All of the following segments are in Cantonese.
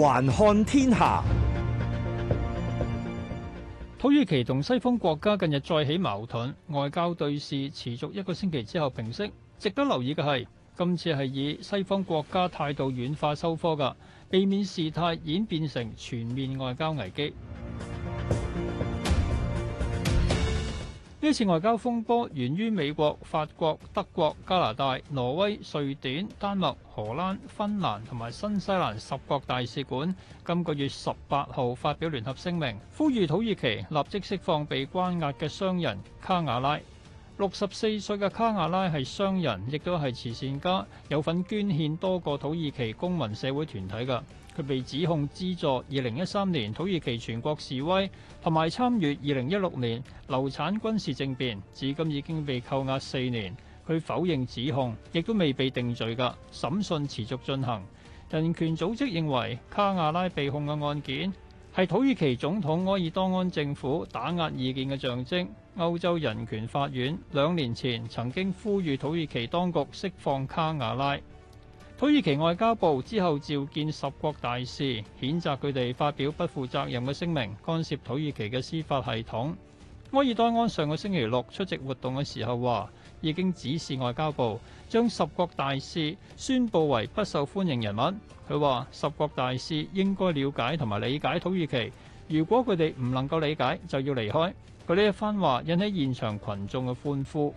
環看天下，土耳其同西方國家近日再起矛盾，外交對峙持續一個星期之後平息。值得留意嘅係，今次係以西方國家態度軟化收科嘅，避免事態演變成全面外交危機。呢次外交風波源於美國、法國、德國、加拿大、挪威、瑞典、丹麥、荷蘭、芬蘭同埋新西蘭十國大使館，今個月十八號發表聯合聲明，呼籲土耳其立即釋放被關押嘅商人卡瓦拉。六十四歲嘅卡瓦拉係商人，亦都係慈善家，有份捐獻多個土耳其公民社會團體㗎。佢被指控資助2013年土耳其全國示威，同埋參與2016年流產軍事政變，至今已經被扣押四年。佢否認指控，亦都未被定罪噶。審訊持續進行。人權組織認為卡瓦拉被控嘅案件係土耳其總統埃爾多安政府打壓意見嘅象徵，歐洲人權法院兩年前曾經呼籲土耳其當局釋放卡瓦拉。土耳其外交部之後召見十國大使，譴責佢哋發表不負責任嘅聲明，干涉土耳其嘅司法系統。埃爾多安上個星期六出席活動嘅時候話已經指示外交部將十國大使宣布為不受歡迎人物。佢話十國大使應該了解同埋理解土耳其，如果佢哋唔能夠理解，就要離開。佢呢一番話引起現場群眾嘅歡呼。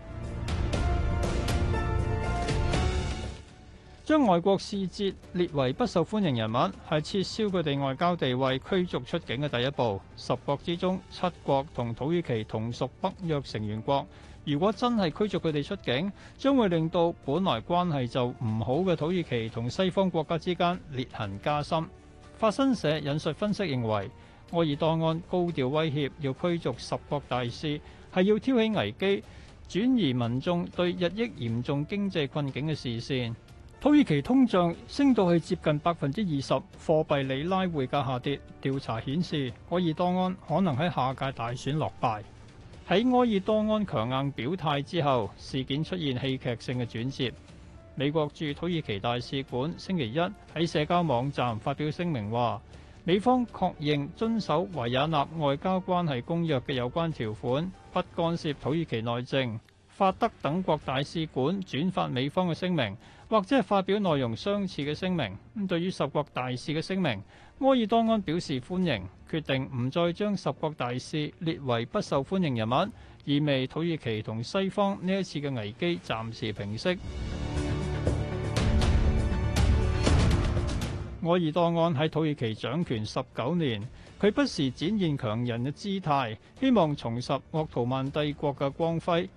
將外國使節列為不受歡迎人物，係撤銷佢哋外交地位、驅逐出境嘅第一步。十國之中，七國同土耳其同屬北約成員國。如果真係驅逐佢哋出境，將會令到本來關係就唔好嘅土耳其同西方國家之間裂痕加深。法新社引述分析認為，埃爾多安高調威脅要驅逐十國大使，係要挑起危機，轉移民眾對日益嚴重經濟困境嘅視線。土耳其通脹升到去接近百分之二十，貨幣里拉匯價下跌。調查顯示，埃爾多安可能喺下屆大選落敗。喺埃爾多安強硬表態之後，事件出現戲劇性嘅轉折。美國駐土耳其大使館星期一喺社交網站發表聲明，話美方確認遵守《維也納外交關係公約》嘅有關條款，不干涉土耳其內政。法德等國大使館轉發美方嘅聲明。或者係發表內容相似嘅聲明。咁對於十國大使嘅聲明，埃爾多安表示歡迎，決定唔再將十國大使列為不受歡迎人物，意味土耳其同西方呢一次嘅危機暫時平息。埃爾多安喺土耳其掌權十九年，佢不時展現強人嘅姿態，希望重拾鄂圖曼帝國嘅光輝。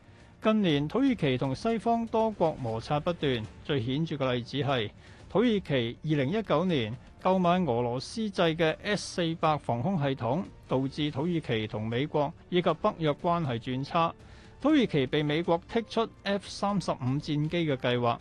近年土耳其同西方多國摩擦不斷，最顯著嘅例子係土耳其2019年購買俄羅斯製嘅 S-400 防空系統，導致土耳其同美國以及北約關係轉差。土耳其被美國剔出 F-35 戰機嘅計劃。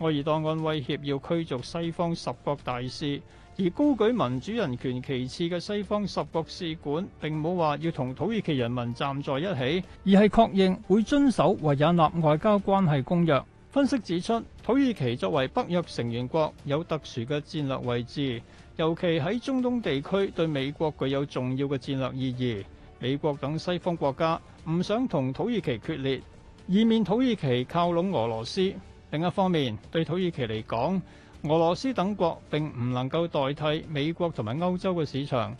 埃爾多安威脅要驅逐西方十國大使，而高舉民主人權旗幟嘅西方十國使館並冇話要同土耳其人民站在一起，而係確認會遵守《維也納外交關係公約》。分析指出，土耳其作為北約成員國有特殊嘅戰略位置，尤其喺中東地區對美國具有重要嘅戰略意義。美國等西方國家唔想同土耳其決裂，以免土耳其靠攏俄羅斯。另一方面，對土耳其嚟講，俄羅斯等國並唔能夠代替美國同埋歐洲嘅市場。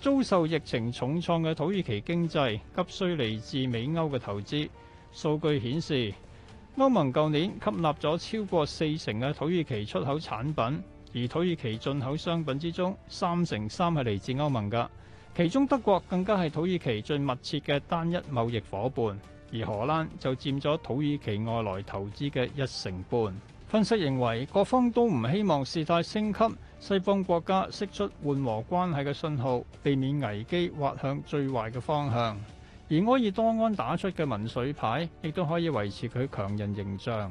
遭受疫情重創嘅土耳其經濟急需嚟自美歐嘅投資。數據顯示，歐盟舊年吸納咗超過四成嘅土耳其出口產品，而土耳其進口商品之中，三成三係嚟自歐盟㗎。其中德國更加係土耳其最密切嘅單一貿易伙伴。而荷蘭就佔咗土耳其外來投資嘅一成半。分析認為，各方都唔希望事態升級，西方國家釋出緩和關係嘅信號，避免危機滑向最壞嘅方向。而埃爾多安打出嘅民粹牌，亦都可以維持佢強人形象。